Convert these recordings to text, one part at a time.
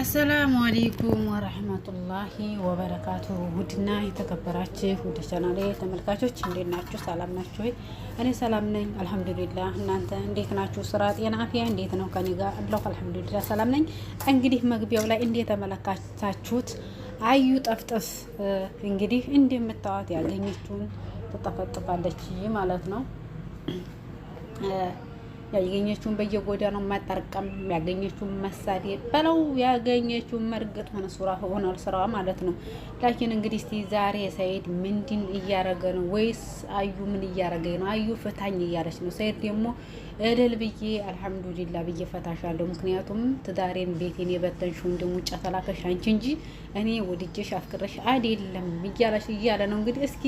አሰላሙ አሌይኩም ወረህመቱላሂ ወበረካቱ። ውድና የተከበራችሁ ውድ ቻናሌ ተመልካቾች እንዴት ናችሁ? ሰላም ናችሁ ወይ? እኔ ሰላም ነኝ አልሐምዱሊላህ። እናንተ እንዴት ናችሁ? ስራ፣ ጤና፣ አፍያ እንዴት ነው? ከኔ ጋር አለሁ አልሐምዱሊላህ፣ ሰላም ነኝ። እንግዲህ መግቢያው ላይ እንደተመለከታችሁት አዩ ጠፍጥፍ እንግዲህ እንደምታዋት ያገኘችውን ትጠፈጥፋለች ማለት ነው። ያገኘችውን በየጎዳናው መጠርቀም፣ ያገኘችውን መሳደብ በለው ያገኘችውን መርገጥ ሆነ ሱራ ሆነ ስራዋ ማለት ነው። ላኪን እንግዲህ እስቲ ዛሬ ሰይድ ምንድን እያረገ ነው? ወይስ አዩ ምን እያረገ ነው? አዩ ፍታኝ እያለች ነው። ሰይድ ደግሞ እልል ብዬ አልሐምዱሊላ ብዬ ፈታሻለሁ። ምክንያቱም ትዳሬን ቤቴን የበተንሽ እንደ ውጭ ተላከሽ አንቺ እንጂ እኔ ወድጀሽ አፍቅረሽ አይደለም እያለሽ እያለ ነው። እንግዲህ እስኪ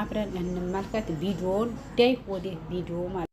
አብረን እንመልከት ቪዲዮውን ዳይ ወደ ቪዲዮ ማለት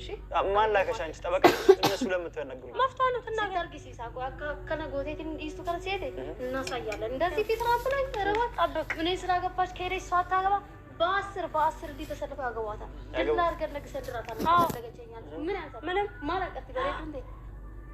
እሺ ማላከሽ አንቺ ጠበቃ እነሱ ለምትነግሩ መፍቷ ነው ትናገርጊ ሲሳቆ ከነ ጎቴት ኢስቱ ከነ እናሳያለን። እንደዚህ ፊት ራሱ ላይ ረባት ጠብቅ እኔ ስራ ገባች ከሄደች ሰው አታገባ በአስር በአስር እንዲህ ተሰልፈው ያገቧታል። ድላ አድርገን ነግሰድራታል። ምንም ማላቀት ገሬ እንዴ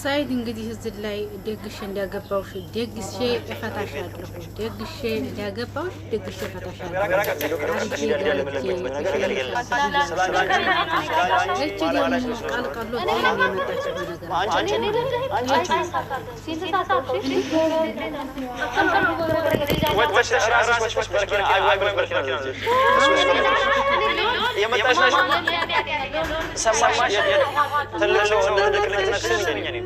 ሳይድ እንግዲህ እዚህ ላይ ደግሼ እንዳገባውሽ ደግሼ እፈታሻለሁ፣ ደግሼ እንዳገባውሽ ደግሼ እፈታሻለሁ። ሰማሽ? ትልቅ ነው ትልቅ ነው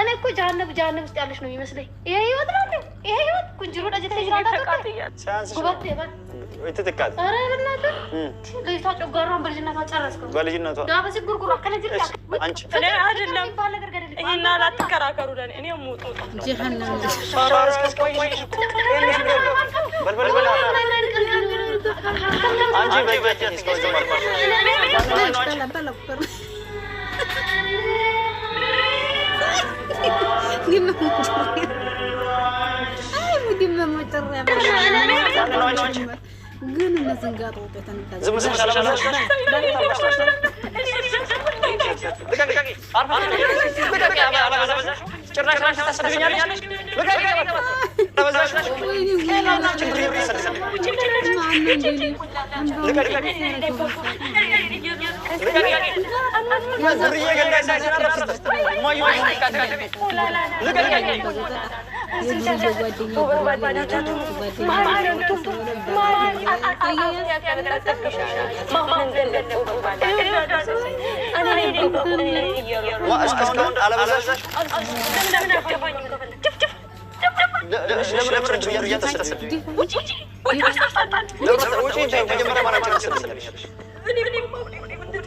እኔ እኮ ጃነብ ጃነብ ውስጥ ያለች ነው የሚመስለኝ። ይሄ ህይወት ነው ይሄ ህይወት ቁንጅሮ ጨጓራን በልጅነቷ ግን ለምን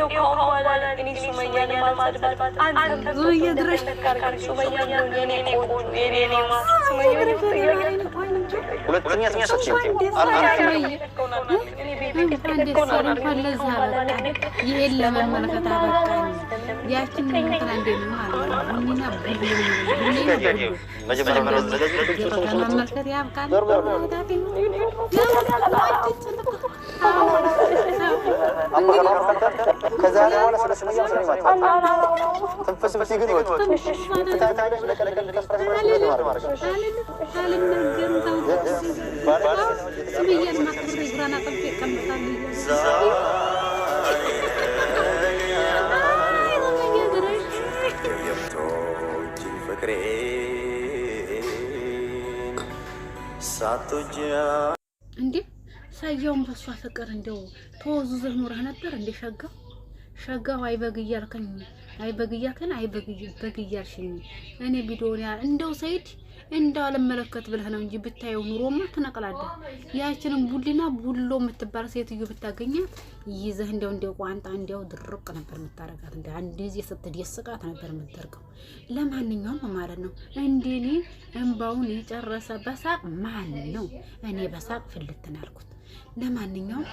ይኸው ከአሁን በኋላ እኔ ሱመያን ማልሰድባት አንተ ዙዬ ድረሽ ሱመያን የኔ ቆንጆ የኔ ማር ሱመያን ሁለተኛ ስሜሰት ይሄን ለመመልከት አበቃኝ። ያችን ምክራ እንዴት ለመመልከት ያብቃል። ከዛ በኋላ ስለ ስለ ስለ ማለት ትንፍስ ብትይ ግን ይወጡ ታታለሽ ለቀለቀል ተስፈራ ማለት ማለት እንዴ ሳያውም በሷ ፍቅር እንደው ተወዙዘህ ኖረህ ነበር እንዴ ሸጋ ሸጋው አይበግ እያልከኝ አይበግ እያልከኝ አይበግ በግ እያልሽኝ እኔ ቢዶን እንደው ሰይድ እንደው አልመለከት ብለህ ነው እንጂ ብታየው ኑሮማ ትነቅላለህ። ያችንን ቡሊና ቡሎ የምትባል ሴትዮ ብታገኛት ይዘህ እንደው እንደው ቋንጣ እንደው ድርቅ ነበር የምታረጋት። እንደ አንድ ጊዜ ስትደስቃት ነበር የምትደርቀው። ለማንኛውም ማለት ነው እንዲህ እንባውን የጨረሰ በሳቅ ማን ነው? እኔ በሳቅ ፍልትን አልኩት። ለማንኛውም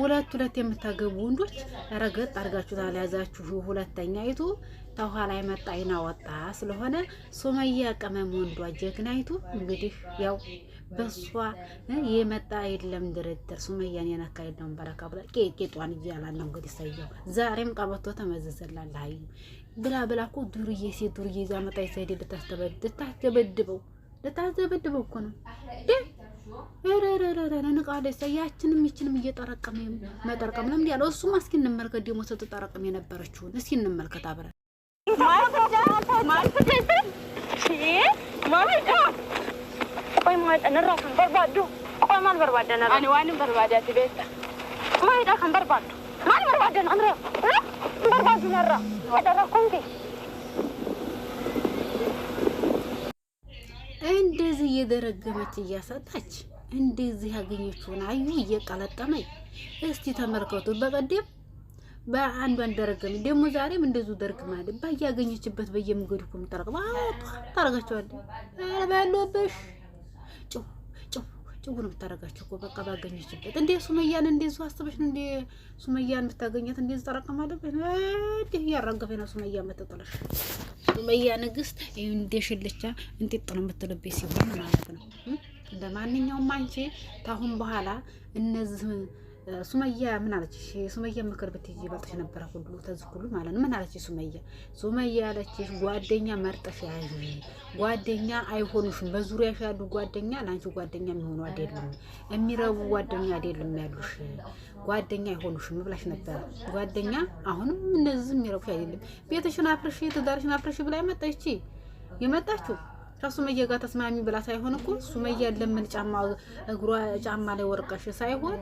ሁለት ሁለት የምታገቡ ወንዶች ረገጥ አድርጋችሁ ታልያዛችሁ ሁለተኛይቱ ተኋላ የመጣ ወጣ ስለሆነ ሱመያ ቀመም ወንዷ ጀግናይቱ እንግዲህ ያው በሷ የመጣ የለም ድርድር። ሱመያን የነካ የለውም በረካ ብላ ቄጧን እያላለ እንግዲህ ሰየው ዛሬም ቀበቶ ተመዘዘላለ አይ ብላ ብላ እኮ ዱርዬ ሴት ዱርዬ ዛመጣ ልታስተበድ ልታዘበድበው ልታዘበድበው እኮ ነው ረረረረ ንቃለች። ያችንም ይችንም እየጠረቀመ መጠርቀም ለምን ያለው እሱም፣ እስኪ እንመልከት ደግሞ ስትጠረቅም የነበረችውን እስኪ እንመልከት አብረን። እንደዚህ እየደረገመች እያሰጣች እንደዚህ ያገኘችውን አዩ እየቀለጠመኝ እስቲ ተመልከቱ። በቀደም በአንዷን ደረገመ፣ ደግሞ ዛሬም እንደዙ ደርግማል። ባያገኘችበት በየመንገዱ ሁሉ ጠረቅ ታረጋቸዋለ ባለበሽ ጭው ጭጉር የምታደርጋችሁ እኮ በቃ ባገኘችበት እንዴ ሱመያን እንዴ ዙ አስበሽ እንዴ ሱመያን ብታገኛት እንዴ ዝጠረቀም አለበት እንዲህ ነው ሱመያ መተጠለሽ ሱመያ ንግስት እንዴ ሽልቻ እንጤጥ ነው የምትልቤ ሲሆን ማለት ነው። እንደ ማንኛውም አንቺ ታሁን በኋላ እነዚህ ሱመያ ምን አለች? ሱመያ ምክር ብትይ ይበልጥሽ ነበረ ሁሉ ተዝ ሁሉ ማለት ነው። ምን አለች ሱመያ? ሱመያ አለች ጓደኛ መርጠሽ ያዥ፣ ጓደኛ አይሆኑሽም። በዙሪያሽ ያሉ ጓደኛ ለአንቺ ጓደኛ የሚሆኑ አይደሉም፣ የሚረቡ ጓደኛ አይደሉም ያሉሽ ጓደኛ አይሆኑሽም ብላሽ ነበረ። ጓደኛ አሁንም እነዚህ የሚረቡሽ አይደለም። ቤትሽን አፍርሽ፣ ትዳርሽን አፍርሽ ብላ መጣች የመጣችው ከሱመያ ጋር ተስማሚ ብላ ሳይሆን እኮ ሱመያ ለምን ጫማ እግሯ ጫማ ላይ ወርቀሽ ሳይሆን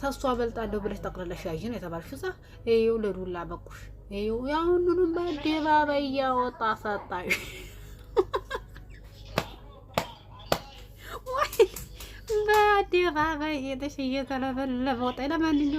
ተሷ በልጣለሁ ብለሽ ጠቅልለሽ ያዥ ነው የተባልሽ። እዛ ይኸው ለዱላ በቁሽ ይኸው ያ ሁሉንም በአደባባይ እያወጣ ሰጣሽ። በአደባባይ ሄደሽ እየተለበለበ ወጣ። ለማንኛውም